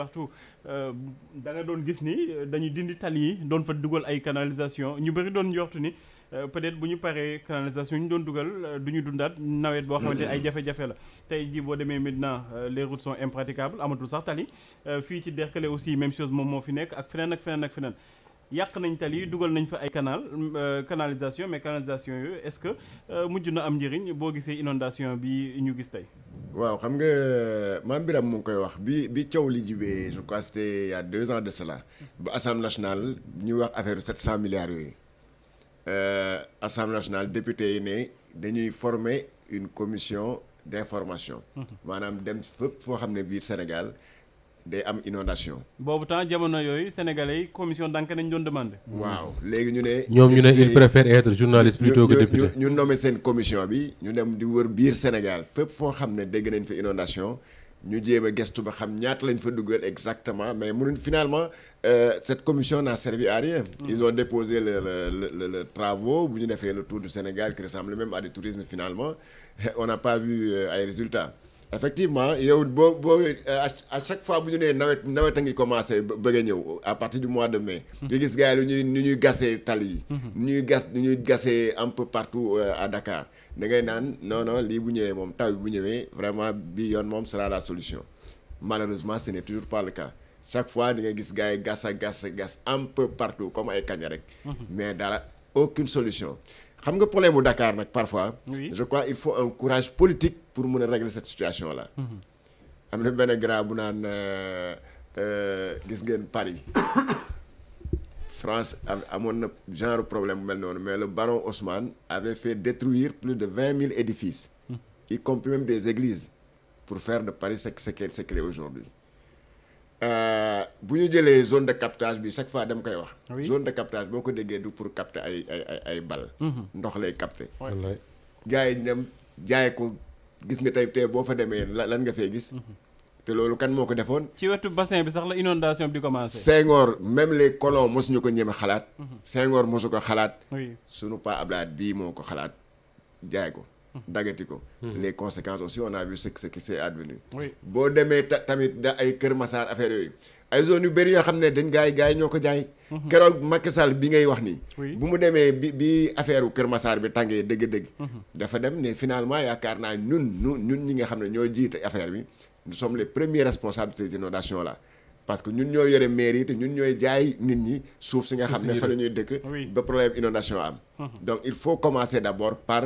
partout euh, da nga doon gis ni dañu dindi tali yi doon fa dugal ay canalisation ñu bëri doon njortu ni euh, peut-être bu ñu paree canalisation ñu doon dugal euh, du ñu dundaat nawet boo xamante ay jafe-jafe la tey jii boo demee maintenant les routes sont impraticables amatul sax tali fii ci Derklé aussi même chose moom moo fi nekk ak feneen ak feneen ak feneen yàq nañ tali dugal nañ fa ay canal euh, canalisation mais canalisation yooyu est-ce que euh, mujj na am njëriñ boo gisee inondation bi ñu gis tey. waaw xam nga maam Biram mu ngi koy wax bi bi cow li jibee je crois c'était il y a deux ans de cela ba assemblée nationale ñu wax affaire cent milliards yooyu euh, assemblée nationale député yi ne dañuy former une commission d'information. maanaam dem fépp foo xam ne biir Sénégal. day am inondation boobu temps jamono yooyu sénégalais yi commission d'enquête nañ doon demandé. waaw léegi ñu ne. ñoom ñu ne il préfère être journaliste plutôt que député ñu nommé seen commission bi ñu dem di wër biir Sénégal fépp foo xam ne dégg nañ fi inondation ñu jéem a gestu ba xam ñaata lañ fa duggal exactement mais mënuñ finalement euh, cette commission n'a servi à rien. Hmm. ils ont déposé le le le bu ñu defee le tour du Sénégal qui ressemble même à du tourisme finalement on n'a pas euh, ay résultats. effectivement yow boo boo euh, à chaque fois bu ñu nee nawet nawet a ngi commencé bëgg a ñëw à partir du mois de mai. nga gis gars yi ñuy nu ñuy gasee tali yi. nu ñuy gas nu ñuy gasee un peu partout euh, à Dakar da ngay naan non non lii bu ñëwee moom taw bu ñëwee vraiment bi yoon moom sera la solution malheureusement ce n'est toujours pas le cas chaque fois di nga gis gars yi gas a gas a gas un peu partout comme ay kaña rek. Mhm. mais dara aucune solution. xam nga problème bu Dakar nag parfois. je crois il faut un courage politique. pour mun a régler cette situation là. am na benn grand bu naan euh, euh, gis ngeen Paris France amoon na genre problème bu mel noonu mais le baron Haussmann avait fait détruire plus de vingt mille édifices. y compris même des églises pour faire de Paris ce que c'est aujourd'hui euh, bu ñu jëlee zone de captage bi chaque fois dem koy wax. zone de captage boo ko déggee du pour capter ay ay bal. Mhm. ndox lay capter. gars jaay ko. gis nga tey tey boo fa demee lan nga fee gis. Mhm. te loolu kan moo ko defoon. ci wetu bassin bi sax la inondation bi di commencé. Senghor même les colons mosuñu ko ñeme xalaat. Mhm. Senghor mosu ko xalaat. sunu pa Ablaye bii moo ko xalaat jaay ko. Mhm. dagati ko. les conséquences aussi on a vu ce qui ce qui s'est advenu. boo demee tamit da ay Kër Massar affaire yooyu. ay zone yu bëri yoo xam ne dañ gaay gaay ñoo ko jaay. Mhm. keroog Macky Sall bi ngay wax nii. bu mu demee bi bi affaire u Kër Massar bi tàngee dëgg-dëgg. Mhm. dafa dem ne finalement yaakaar naa ñun ñu ñun ñi nga xam ne ñoo jiite affaire bi nous sommes les premiers responsables de ces inondations parce que ñun ñoo yore mairie te ñun ñooy jaay nit ñi suuf si nga xam ne fa la ñuy dëkk. ba problème inondation am. Mhm. donc il faut commencer d'abord par.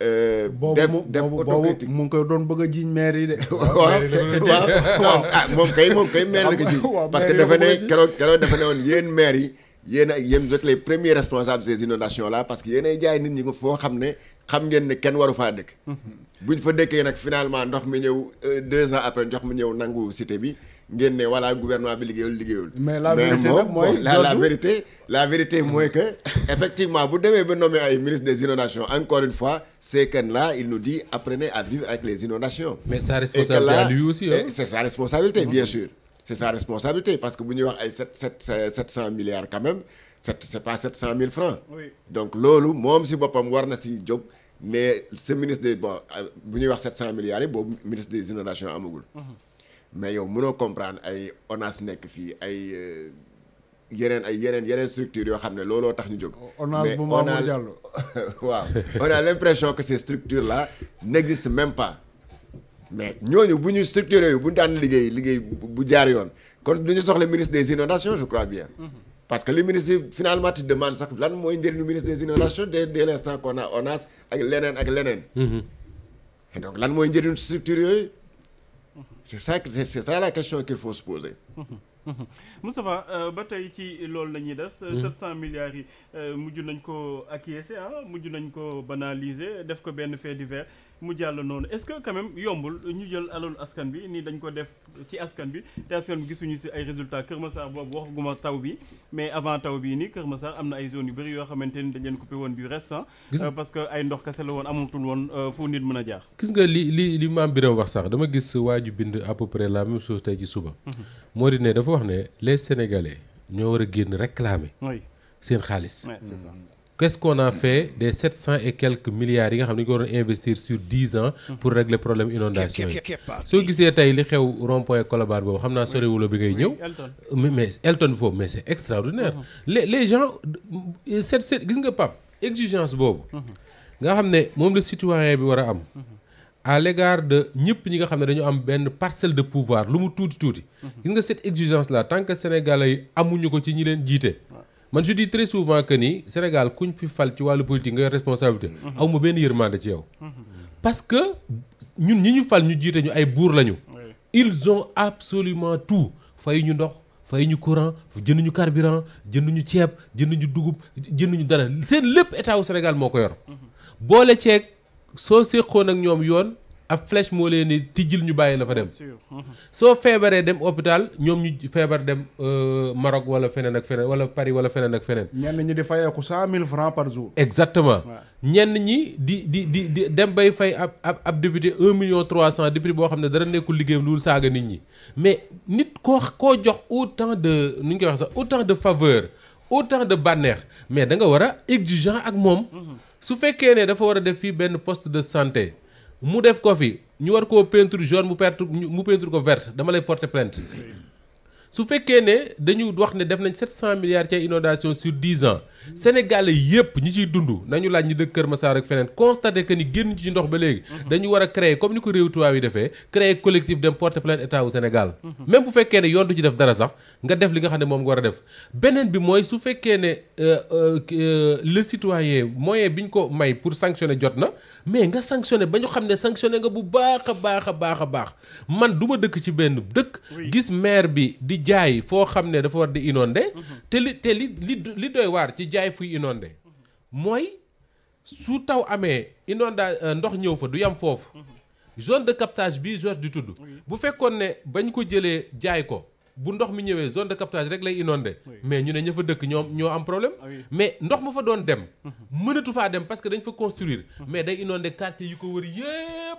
def def autocritique mu ngi koy doon bëgg a jiiñ maire yi de. waaw waaw ah moom kay moom kay maire la ko jiiñ parce que dafa ne keroog keroog dafa ne woon yéen maire yi yéen ak yéen vous êtes les premiers responsables ces inondations là parce que yéenay jaay nit ñi ko foo xam ne xam ngeen ne kenn waru faa dëkk. Mm-hmm. buñ fa dëkkee nag finalement ndox mi ñëw euh, deux ans après ndox mi ñëw nangu cité bi. ngeen ne voilà gouvernement bi liggéeyul liggéeyul. mais la vérité nag mooy la la vérité la vérité mooy que effectivement bu demee ba nommé ay ministre des inondations encore une fois ces kenn il nous dit apprenez à vivre avec les inondations. mais sa responsabilité à c'est sa responsabilité parce que bu ñuy wax ay sept sept sept cent milliards quand même c'est pas sept cent mille francs. oui donc loolu moom si boppam war na si jóg. mais ce ministre des bon euh, bu ñuy wax sept cent milliards yi boobu ministre des inondations mais yow mënoo comprendre ay ONAS nekk fii ay euh, yeneen ay yeneen yeneen structure yoo xam ne looloo tax ñu jóg. mais on a waaw on a l'impression que ces structures là n'existent même pas mais ñooñu bu ñu structure yooyu bu ñu daan liggéey liggéey bu jaar yoon kon du ñu soxla ministre des inondations je crois bien. Mm-hmm. parce que li ministre yi finalement tu demandes sax lan mooy njëriñu ministre des inondations dès dès l'instant qu'on a ak lenee ak leneen. Mm-hmm. donc lan mooy njëriñu structure yooyu. c'est ça c'est ça la question qu'il faut se poser. Moustapha euh, ba tey ci loolu la ñuy des. Mm-hmm. cent milliards yi euh, mujj nañ ko acquiescer ah mujj nañ ko banaliser def ko benn fait divers mu jàll noonu est-ce que quand même yombul ñu jël alalu askan bi nii dañ ko def ci askan bi te askan bi gisuñu si ay résultats Kër Massar boobu waxaguma taw bi mais avant taw bi nii Kër ma Massar am na ay zones yu bëri yoo xamante ni dañ leen coupé woon bi restant euh, parce que ay ndox kese la woon amatul woon euh, fu nit mën a jaar gis nga li li li am Birame wax sax dama gis waa ju bind à peu près la même chose tey ci suba mhm. moo di ne dafa wax ne les Sénégalais ñoo war a génn réclamer seen xaalis c'est ça mm. qu'est-ce qu'on a fait des sept cent et quelques milliards yi nga xam ne ñu ko investir sur dix ans. pour régler problème inondation yi. soo gisee tey li xew rond point boobu xam naa sorewulo bi ngay ñëw. mais Elton foofu mais extraordinaire. Mhm. les les gens gis nga Pape exigence boobu. Mhm. nga xam ne moom la citoyen bi war a am. Mhm. à l'égard de ñëpp ñi nga xam ne dañu am benn parcelle de pouvoir lu mu tuuti tuuti. gis nga cette exigence là tant que sénégalais yi man je dis souvent que nii Sénégal kuñ fi fal ci wàllu politique nga responsabilité. Mhm. aw ma benn yërmande ci yow. Mhm. parce que ñun ñi ñu fal ñu jiite ñu ay buur lañu. ils ont absolument tout fay ñu ndox fay ñu courant jënduñu carburant jënduñu ceeb jënduñu dugub jënduñu dara seen lépp état wu Sénégal moo ko yor. Mhm. boole ceeg soo seqoon ak ñoom yoon. ab flèche moo leen ni tijjil ñu bàyyi la fa dem. Mhm. soo feebaree dem hôpital ñoom ñu feebar dem euh, Maroc wala feneen ak feneen wala Paris wala feneen ak feneen. ñenn ñi di fayeeku cent mille francs par jour. exactement ñenn ñi di di di dem bay fay ab ab ab député un million trois cent député boo xam ne dara nekkul liggéeyam loolu saaga nit ñi mais nit koo koo jox autant de nu ñu koy wax sax autant de faveur. autant de bànneex mais da nga war a exigeant ak moom mhm. su fekkee ne dafa war a def fii benn post de santé mu def ko fi ñu war koo peinture jaune mu perte mu peinture ko verte dama lay porter plainte su fekkee ne dañu wax ne def nañ cent milliards ci inondation sur 10 ans sénégalais yépp ñi ciy dund nañu laaj ñi dëkk Kër Massar ak feneen constaté que ni génn ci ndox ba léegi. dañu war a créer comme ni ko réew tubaab yi defee créer collectif dem porter plainte état wu Sénégal. même bu fekkee ne yoon du ci def dara sax nga def li nga xam ne moom nga war a def. beneen bi mooy su fekkee ne euh, euh, le citoyen moyen bi ñu ko may pour sanctionner jot na mais nga sanctionner ba ñu xam ne sanctionner nga bu baax baax baax a baax man du ma dëkk ci benn dëkk. gis maire bi jaay foo xam ne dafa war di inondé mhm. te li te li li doy waar ci jaay fuy inondé mooy su taw amee inonda euh, ndox ñëw fa du yam foofu mhm. zone de captage bi Georges di tudd bu fekkoon ne bañ ko jëlee jaay ko bu ndox mi ñëwee zone de captage rek lay inondé mais ñu ne ña dëkk ñoom ñoo am problème ah mais ndox ma fa doon dem mhm. mënatu faa dem parce que dañ fa construire mais day inondé quartier yu ko wër yépp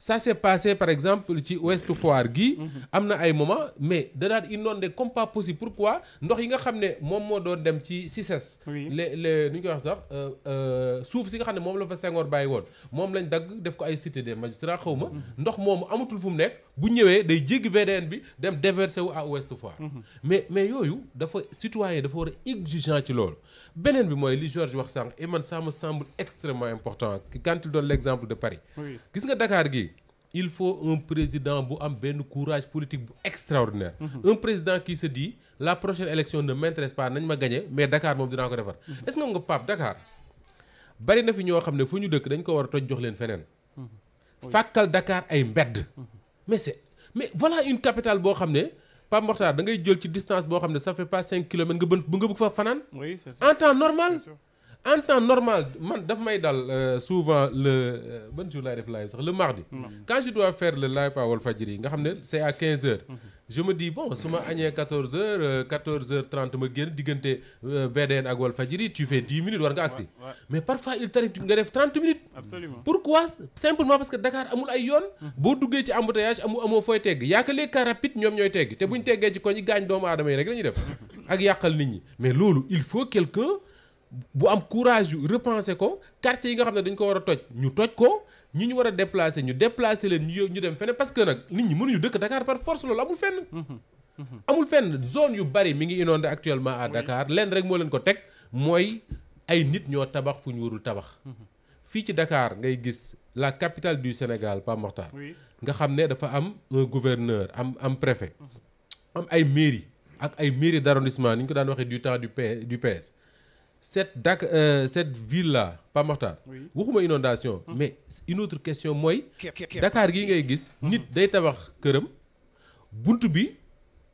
ça s'est passé par exemple ci Ouest Foire gi am na ay moment mais danaa daan inondé comme pas possible pourquoi ndox yi nga xam ne moom moo doon dem ci si Cissesse le le nu ñu koy wax sax euh, euh, suuf si nga xam ne moom la fa sengoor bàyyi woon moom lañ dagg def ko ay cité des magistrats xaw ma mm-hmm. ndox moomu amatul fu mu nekk bu ñëwee day jéggi VDN bi dem déverser wu à Ouest Foire. Mhm. mais mais yooyu dafa citoyen dafa war a exigeant ci loolu. beneen bi mooy li Georges wax sànq et man ça me semble extrêmement important quand il donne l'exemple de Paris. gis nga dakaar gi il faut un président bu am benn courage politique bu extraordinaire. Mhm. un président qui se dit la prochaine élection ne m'intéresse pas nañ ma gagner mais Dakar moom dinaa ko defar. Mhm. est-ce que nga Pape Dakar bari na fi ñoo xam ne fu ñu dëkk dañ ko war a toj jox leen feneen. fàkkal Dakar ay mbedd. mais c'est mais voilà une capitale boo xam ne Pape Mokhtar da ngay jël ci distance boo xam ne sa fait pas 5 kilomètres nga bën bu nga bëgg fa fanaan. en temps normal. en temps normal man daf may dal euh, souvent le euh, ban jour laay def live sax le mardi. Mm. quand je dois faire live à Walfadjri nga xam ne c' est à 15 heures. Mm-hmm. je me dis bon su ma añee 14 heures 14 euh, heures 30 ma génn diggante VDN ak Walfadjri tu fais 10 minutes war nga agsi. mais parfois il t'arrive nga def 30 minutes. pourquoi simplement parce que Dakar amul ay yoon. Mm-hmm. boo duggee ci embouteillage amu amoo fooy tegg yaa que les cars ñoom ñooy tegg te buñ mm-hmm. teggee bu am courage yu repenser ko quartier yi nga xam ne dañ ko war a toj ñu toj ko ñi ñu war a déplacer ñu déplacer leen ñu ñu dem fene parce que nag nit ñi mënuñu dëkk Dakar par force loolu amul fenn. Mhm. Mhm. amul fenn zone yu bari mi ngi inondé actuellement à Dakar leen rek moo leen ko teg mooy ay nit ñoo tabax fu ñu warul tabax. Mhm. fii ci Dakar ngay gis la capitale du Sénégal Pape Mokhtar. nga xam ne dafa am un am am préfet. am ay mairie ak ay mairie d'arrondissement ni ñu ko daan waxee du temps du PS du PS. cette Dak euh, cette ville là Pape Makhtar waxuma inondation mais une question mooy Dakar gi ngay gis nit day tabax këram bunt bi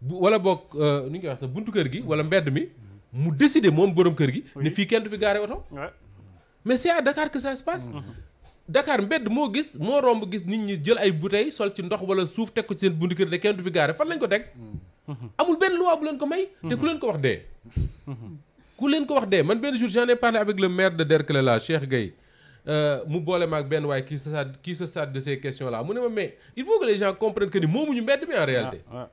bu wala boog euh, nu ñu wax sax buntu kër gi wala mbedd mi mu décider moom borom kër gi ni fii kenn du fi gaare oto mais c'est à Dakar que ça se mbedd moo gis moo romb gis nit ñi jël ay bouteilles sol ci ndox wala suuf teg ko ci seen buntu kër de kenn du fi gaare fan lañ ko teg amul benn loi bu leen ko may te ku ko wax dee ku leen ko wax dee man benn jour j'en ai parlé avec le maire de Derklé là Cheikh Gueye euh, mu boole maag benn waaye kii sa satisfait qui se satisfait de ces questions là mu ne ma mais il faut que les gens comprennent que ni moomuñu mbedd mi en réalité. Ah,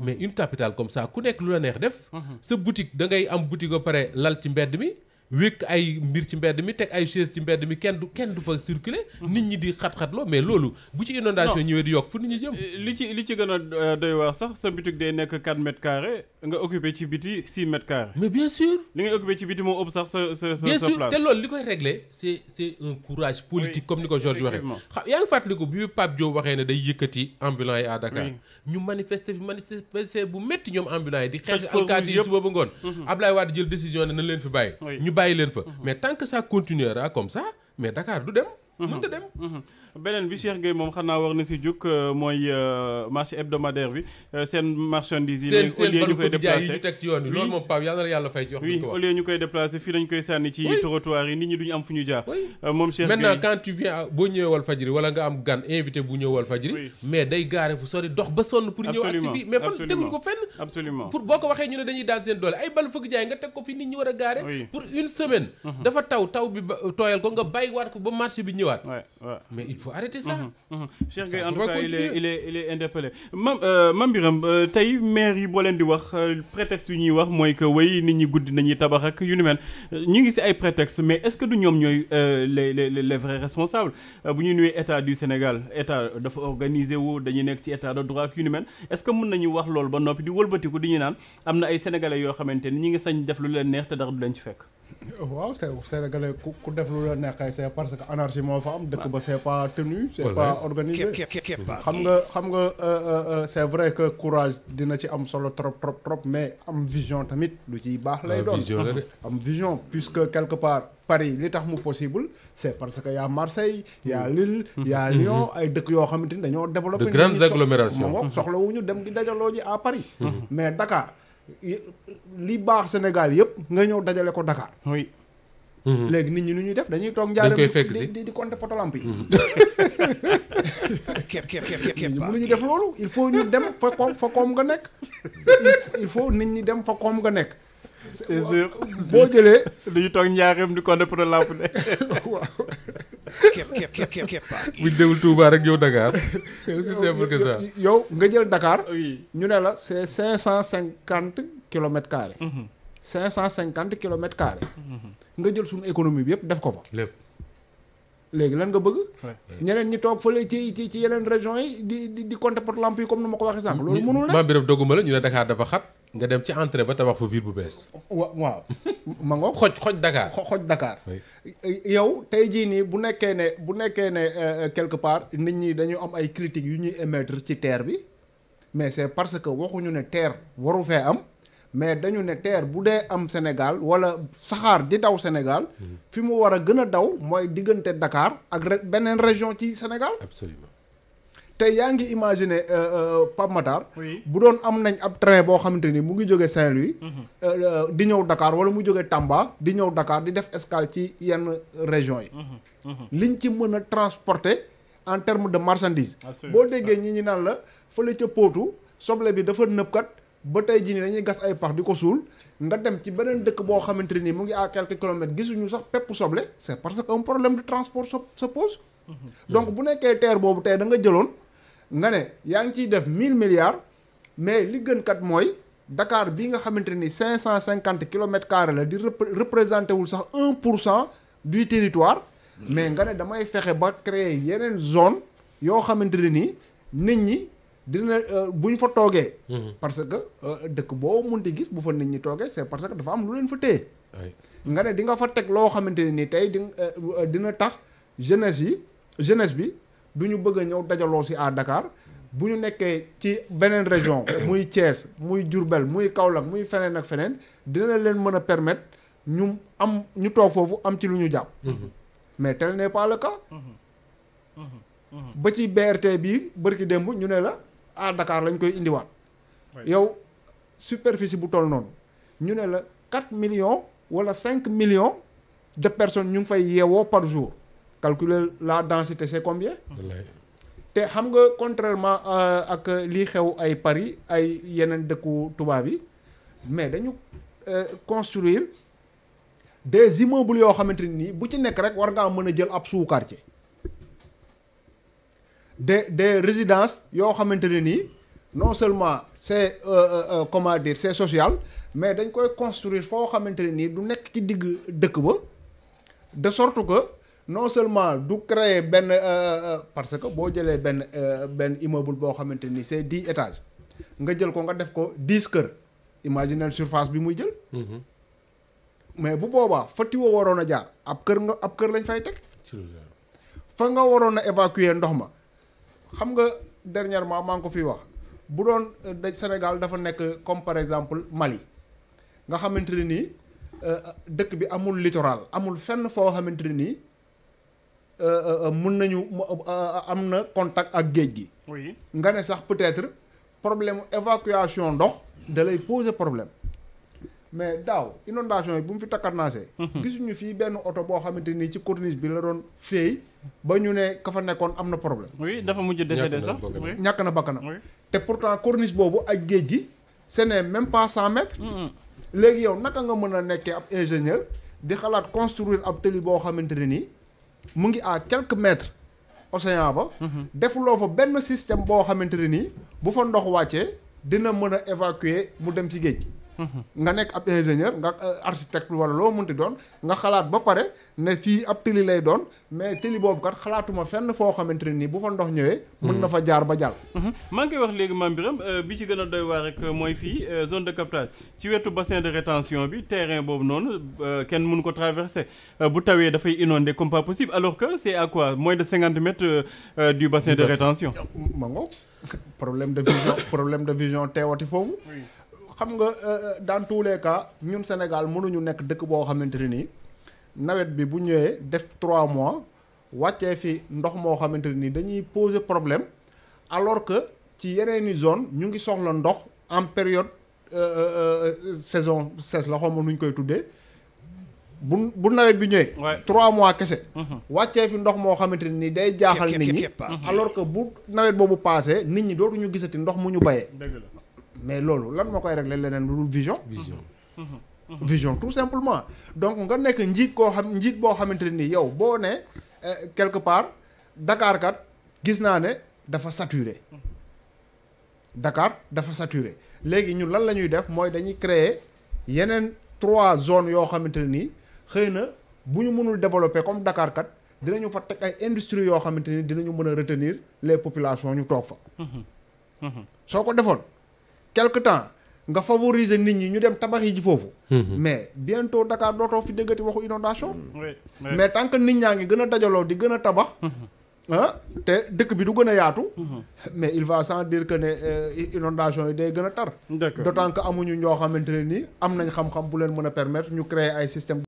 mais une capitale comme ça ku nekk lu la neex def. Mm-hmm. sa boutique da ngay am boutique ba pare lal ci mbedd mi. wékk ay mbir ci mbedd mi teg ay chaise ci mbedd mi kenn du kenn du fa circuler mhm. nit ñi di xat-xatloo mais loolu bu ci inondation ñëwee di yokk fu nit ñi jëm li ci li ci gën a euh, doy waar sax sa bitig nga occupé ci biti 6 mètres carrés mais bien sûr li ngay occupé ci biti moo ëpp sax sa sa sa bien sûr te loolu li koy régler c'est c'est un comme ni ko Georges waxee xa yaa ngi fàttaliku bi Pape Diop waxee ne day yëkkati ambulants yi à Dakar ñu manifester manifester bu métti ñoom ambulants yi di xeex alkaati yi suba ba ngoon mhm. Ablaye Wade jël décision ne leen fi bàyyi ay leen fa mhm. mais tant que ça continuera comme sa mais dakaar du dem mhm. mënta dem mhm. beneen bi Cheikh Gueye moom xam naa war na si jóg euh, mooy euh, marché hebdomadaire bi euh, seen marchandise yi. léegi au lieu ñu koy déplacé teg ci yoon bi loolu moom Pape yàlla na yàlla fay ci koy déplacé fii dañ koy sànni ci trottoir yi nit ñi duñu am fu ñu jaar. moom nga am gan invité bu ñëw Walfadjri mais day gaare fu sori dox ba sonn pour ñëw ak si fii mais fan teguñ ko fenn pour boo ko waxee ñu ne dañuy daal seen doole ay bal fëgg jaay nga teg ko fi nit ñi war a gaare pour une semaine mhm. dafa taw taw bi tooyal ko nga bàyyi waat ko ba marché bi ñëwaat mais faut arrêter ça. Mhm, mhm. Cheikh Gueye en tout cas il est il est il est interpellé. mam euh, mam Biram euh, tey maire yi boo leen di wax euh, prétexte yu ñuy wax mooy que way nit ñi guddi nañuy tabax ak yu ni mel ñu ngi si ay prétexte mais est-ce que du ñoom ñooy les les les vrais responsables bu ñu nuyee état du Sénégal état dafa organisé wu dañuy nekk ci état de droit ak yu ni mel est mën nañu wax loolu ba noppi di wëlbatiku di ñu naan am na ay sénégalais yoo xamante ni ñu ngi sañ def lu leen neex te dara du leen ci fekk. waaw c'est Sénégalais ku def lu la neexee c'est parce que anarchie moo fa am dëkk ba c'est pas tenu c'est pas organisé xam nga xam nga euh, euh, euh, c'est vrai que courage dina ci am solo trop trop trop mais am vision tamit lu ci baax lay ah, doon am vision puisque quelque part Paris li tax mu possible c'est parce que y'a Marseille y'a hmm. Lille y'a hmm. Lyon ay dëkk yoo xamante ni dañoo développé de grandes soxla wu ñu dem di dajaloo ji à Paris hmm. mais Dakar li baax Sénégal yëpp nga ñëw dajale ko Dakar. oui. Mhm. léegi nit ñi nu ñuy def dañuy toog. dañ koy fekk si di di compter potolamp yi. Mhm. képp def loolu il ñu dem fa koom nga nekk. il faut nit ñi dem fa nga nekk. c'est sûr boo jëlee. dañuy toog njaareem di compter potolamp ne képp képp képp képp képp buñ dewul rek yow Dakar. yow nga jël Dakar. ñu ne la c'est cinq cent cinquante kilomètres carrés. Mm-hmm. cinq cent cinquante kilomètres carrés. Mm-hmm. nga jël suñu économie bi yëpp def ko fa. lépp léegi lan nga bëgg. ñeneen ñi toog fële ci ci ci yeneen régions yi di di di compter yi comme ni ma ko waxee sànq. loolu mënul ne maa biram dogguma la ñu ne Dakar dafa xat. nga dem ci entrée ba tabax fa ville bu bees. waaw ma xoj xoj Dakar xoj Dakar. yow tey jii nii bu nekkee ne bu nekkee ne euh, euh, quelque part nit ñi dañu am ay critiques yu ñuy émettre ci terre bi mais c'est parce que waxuñu ne teer waru fee am mais dañu ne terre bu dee am Sénégal wala saxaar di daw Sénégal mm-hmm. fi mu war a gën a daw mooy diggante dakaar ak beneen région ci Sénégal. absolument. tey yaa ngi imaginer euh, euh, Pape Matar. bu doon am nañ ab train boo xamante ni mu ngi jóge Saint-Louis. Mhm. Euh, di ñëw Dakar wala mu jóge Tamba di ñëw Dakar di def escale ci yenn régions yi. Mhm. Mhm. liñ ci mën a transporter en terme de marchandise. boo déggee ñi ñi naan la fële ca Potou soble bi dafa nëb ba tey jii nii dañuy gas ay pax di ko suul nga dem ci beneen dëkk boo xamante ni mu ngi à quelques kilomètres gisuñu sax pepp soble c'est parce que un problème de transport se pose donc bu nekkee terre boobu tey da nga jëloon nga ne yaa ngi ciy def 1000 milliards mais li gën kat mooy dakaar bi nga xamante ni 550 kilomètres carrés la di représenté wul sax 1 pour cent du territoire. mais nga ne damay fexe ba créer yeneen zone yoo xamante ne nii nit ñi dina euh, bu ñu fa toogee. Hmm. parce que euh, dëkk boo munti gis bu fa nit ñi toogee c'est parce que dafa am lu leen fa téye. nga ne di nga fa teg loo xamante ne nii tey di euh, dina tax jeunesse yi jeunesse bi. du ñu bëgg a ñëw dajaloo si à Dakar bu ñu nekkee ci beneen région muy Thiès muy Diourbel muy Kaolack muy feneen ak feneen dina leen mën a permettre ñu am ñu toog foofu am ci lu ñu jàpp mm-hmm. Mm-hmm. mais tel n'est pas le cas mm-hmm. ba ci BRT bii bërki démb ñu ne la à Dakar lañ koy indiwaat yow superficie bu toll noonu ñu ne la quatre million wala cinq millions de personnes ñu ngi fay yeewoo par jour calculer la densité c'est combien te xam nga contrairement euh, ak lii xew ay Paris ay yeneen dëkku tubaab yi mais dañu euh, construire des immeubles yoo xamante nii bu ci nekk rek war ngaa mën a jël ab sous-quartier de des résidence yoo xamante ne nii non seulement c'est euh, euh, comment dire c'est social mais dañ koy construire foo xamante ne nii du nekk ci digg dëkk ba de sorte que non seulement du créer benn euh, euh, euh, parce que boo jëlee benn benn immeuble boo xamante ni c'est dix étages nga jël ko nga def ko dix kër imaginer surface bi muy jël. Mm-hmm. mais bu boobaa fa tiwo waroon a jaar ab kër nga ab kër lañ fay teg. fa nga waroon a évacuer ndox ma xam nga dernièrement maa ngi ko fi wax bu doon da Sénégal dafa nekk comme par exemple Mali nga xamante ne nii dëkk bi amul littoral amul fenn foo xamante ne nii. Euh, euh, euh, mun nañu am na contact ak géej gi. oui nga ne sax peut-être problème évacuation ndox. da pose problème. mais daaw inondation yi bu mu fi takkarnaasee. Mhm. gisuñu fii benn oto boo xamante nii ci corniche bi la doon feey ba ñu ne ka fa nekkoon am na problème. oui dafa mujj décédé sax ñàkk na bakkanam te pourtant corniche boobu ak géej gi ce n'est même pas cent mètres. léegi yow naka nga mën a nekkee ab ingénieur di xalaat construire ab tëli boo xamante ne nii. mu ngi à quelques mètres océan ba. Mhm. defuloo fa benn système boo xamante ne nii bu fa ndox wàccee dina mën a évacuer mu dem ci géej. nga nekk ab ingénieur nga euh, architecte wala loo munti doon nga xalaat ba pare ne fii ab tëli lay doon mais tëli boobu kat xalaatuma fenn foo xamante ne nii bu fa ndox ñëwee mën na fa jaar ba jàll mhm. maa ngi koy wax léegi maam Birame euh, bi ci gën a doy waar rek mooy fii euh, zone de captage ci wetu bassin de rétention bi terrain boobu noonu kenn mënu ko traverser bu tawee dafay inondé comme pas possible alors que c'est à quoi moins de cinquante mètres du bassin de rétention ma ngoog problème de problème de vision teewati foofu xam nga euh, euh, dans tous les ñun Sénégal mënuñu nekk dëkk boo xamante ne nii nawet bi bu ñëwee def trois mois wàccee fi ndox moo xamante ne nii dañuy poser problème alors que ci yeneeni zone ñu ngi soxla ndox en période euh, saison sèche la xawma nuñ koy tuddee bu bu nawet bi ñëwee. trois mois kese. Mhm. wàccee fi ndox moo xamante ne nii day jaaxal nit ñi ah. alors que bu nawet boobu paasee nit ñi dootuñu gisati ndox mu ñu bayee. mais loolu lan moo koy régler leneen lu dul vision. vision. vision tout simplement donc nga nekk njiit koo xam njiit boo xamante ni yow boo ne eh, quelque part Dakar kat gis naa ne dafa saturé Dakar dafa sature léegi ñun lan la ñuy def mooy dañuy créer yeneen trois zones yoo xamante ne nii xëy na bu ñu mënul développer comme Dakar kat dinañu fa teg ay industries yoo xamante ni dinañu mën a retenir les populations ñu toog fa. soo ko defoon. quelque temps nga favoriser nit ñi ñu dem tabax yi ji foofu. Mhm. mais bientôt Dakar dootoo fi déggati waxu inondation mm. mais tant que nit ñaa ngi gën a dajaloo di gën a tabax. Mhm. ah te dëkk bi du gën yaatu. Mhm. mais il va sans dire que ne euh, inondation yi day gën a tar. d' autant amuñu ñoo xamante ne nii am nañ xam-xam bu leen mën a permettre ñu créer ay système